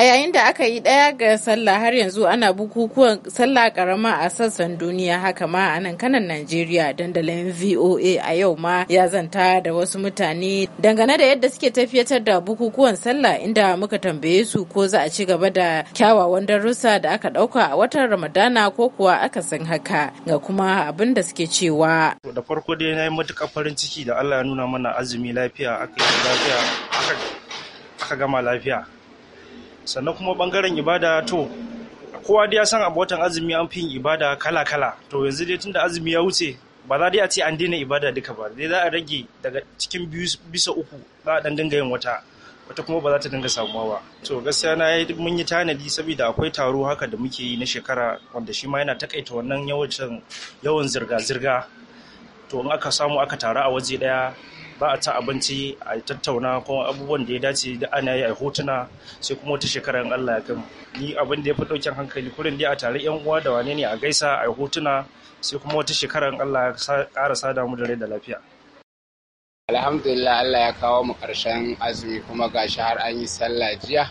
A yayin da aka yi ɗaya ga sallah har yanzu ana bukukuwan sallah karama a sassan duniya haka ma a nan kanan Najeriya dandalin VOA a yau ma ya zanta da wasu mutane dangane da yadda suke tafiyatar da bukukuwan sallah inda muka tambaye su ko za a ci gaba da kyawawan darussa da aka ɗauka a watan Ramadana ko kuwa aka san haka ga kuma abin da suke cewa. Da farko dai na yi matuƙar farin ciki da Allah ya nuna mana azumi lafiya aka yi lafiya aka gama lafiya. sannan kuma bangaren ibada to kowa dai ya san abu watan azumi an fi yin ibada kala kala to yanzu dai tunda azumi ya wuce ba za dai a ce an daina ibada duka ba dai za a rage daga cikin bisa uku za a dan dinga yin wata wata kuma ba za ta dinga samuwa ba to gaskiya na yi mun yi tanadi saboda akwai taro haka da muke yi na shekara wanda shi ma yana takaita wannan yawancin yawan zirga zirga to in aka samu aka taru a waje daya ba a ta abinci a tattauna kuma abubuwan da ya dace da ana yi a hotuna sai kuma wata shekarar Allah ya kama ni abin da ya fi ɗaukin hankali kurin dai a tare yan uwa da wane ne a gaisa a hotuna sai kuma wata shekarar Allah ya ƙara sada mu da rai da lafiya alhamdulillah Allah ya kawo mu ƙarshen azumi kuma gashi har an yi sallah jiya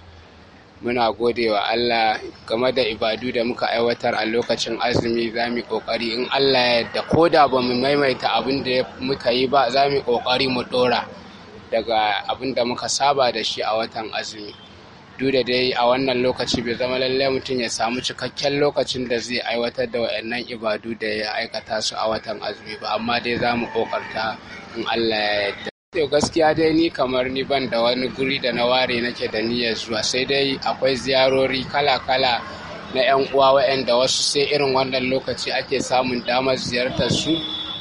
muna gode wa Allah game da ibadu da muka aiwatar a lokacin azumi za mu kokari in Allah ya yarda ko da ba mu maimaita abin da muka yi ba za mu kokari mu dora daga abin da muka saba da shi a watan azumi duk da dai a wannan lokaci bai zama lallai mutum ya samu cikakken lokacin da zai aiwatar da waɗannan ibadu da ya aikata su a watan azumi ba amma dai za mu kokarta in Allah ya yarda Yau gaskiya dai ni kamar ni ban da wani guri da na ware nake da niyyar zuwa, sai dai akwai ziyarori kala kala na 'yan uwa wayanda wasu sai irin wannan lokaci ake samun damar ziyartar su.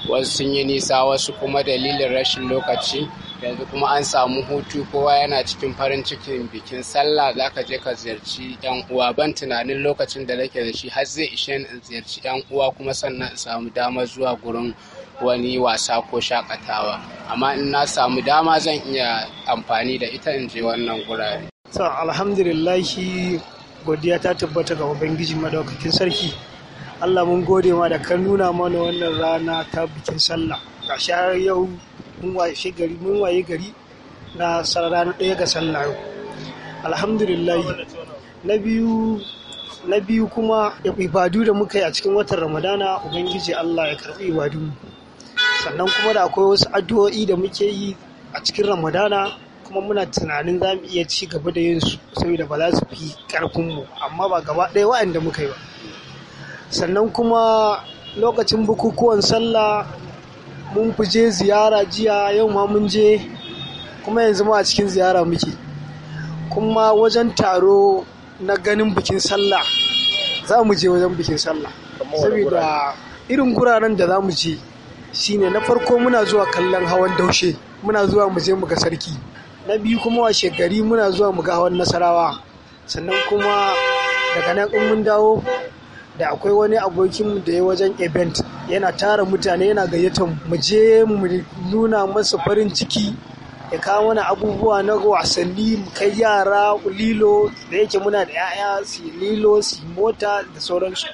Wasu sun yi nisa, wasu kuma dalilin rashin lokaci. Yanzu kuma an samu hutu, kowa yana cikin farin cikin bikin sallah. Za ka je ka ziyarci 'yan uwa. Ban tunanin lokacin da nake da shi har zai ishe ni in ziyarci 'yan uwa kuma sannan in samu damar zuwa gurin. wani wasa ko shakatawa amma in na samu dama zan iya amfani da ita in je wannan gurare. to alhamdulillahi godiya ta tabbata ga ubangiji madaukakin sarki allah mun gode ma da ka nuna mana wannan rana ta bikin sallah gashi yau mun waye gari mun waye gari na rana ɗaya ga sallah yau alhamdulillahi na biyu na biyu kuma ibadu da muka yi a cikin watan ramadana ubangiji allah ya karɓi ibadu sannan kuma da akwai wasu addu'o'i da muke yi a cikin ramadana kuma muna tunanin za mu iya ci gaba da yin su saboda ba za su fi karfinmu amma ba gaba ɗaya wa'anda muka yi ba sannan kuma lokacin bukukuwan sallah mun fi je ziyara jiya yau ma mun je kuma yanzu ma a cikin ziyara muke kuma wajen taro na ganin bikin sallah za mu je wajen bikin sallah saboda irin guraren da za mu je shine na farko muna zuwa kallon hawan daushe muna zuwa mu je mu ga sarki na biyu kuma wa gari muna zuwa mu ga hawan nasarawa sannan kuma daga nan in mun dawo da akwai wani abokinmu da ya wajen event yana tara mutane yana gayyatar mu je mu nuna masa farin ciki ya kawo mana abubuwa na wasanni mu kai yara lilo da yake muna da 'ya'ya su lilo su mota da sauransu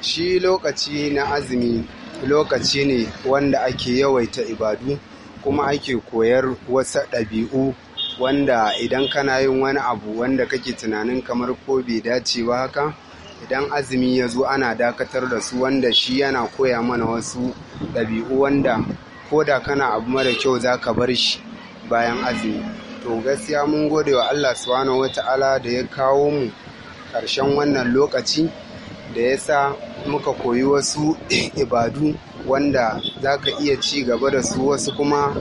shi lokaci na azumi lokaci ne wanda ake yawaita ibadu kuma ake koyar wasu ɗabi'u wanda idan kana yin wani abu wanda kake tunanin kamar ko bai dace ba haka idan azumi ya zo ana dakatar da su wanda shi yana koya mana wasu ɗabi'u wanda ko da kana abu mara kyau za ka bar shi bayan azumi to gaskiya mun gode wa allah subhanahu wata'ala da ya kawo mu karshen wannan lokaci da ya sa muka koyi wasu ibadu wanda za ka iya ci gaba da su wasu kuma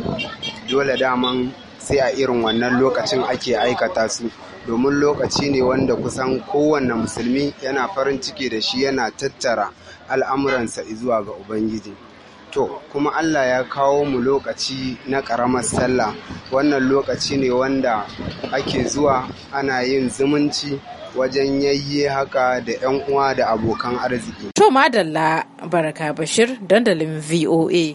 dole daman sai a irin wannan lokacin ake aikata su domin lokaci ne wanda kusan kowanne musulmi yana farin ciki da shi yana tattara al'amuransa zuwa ga ubangiji to kuma Allah ya kawo mu lokaci na ƙaramar sallah wannan lokaci ne wanda ake zuwa ana yin zumunci wajen yayye haka da 'yan uwa da abokan arziki. To madalla baraka bashir dandalin VOA.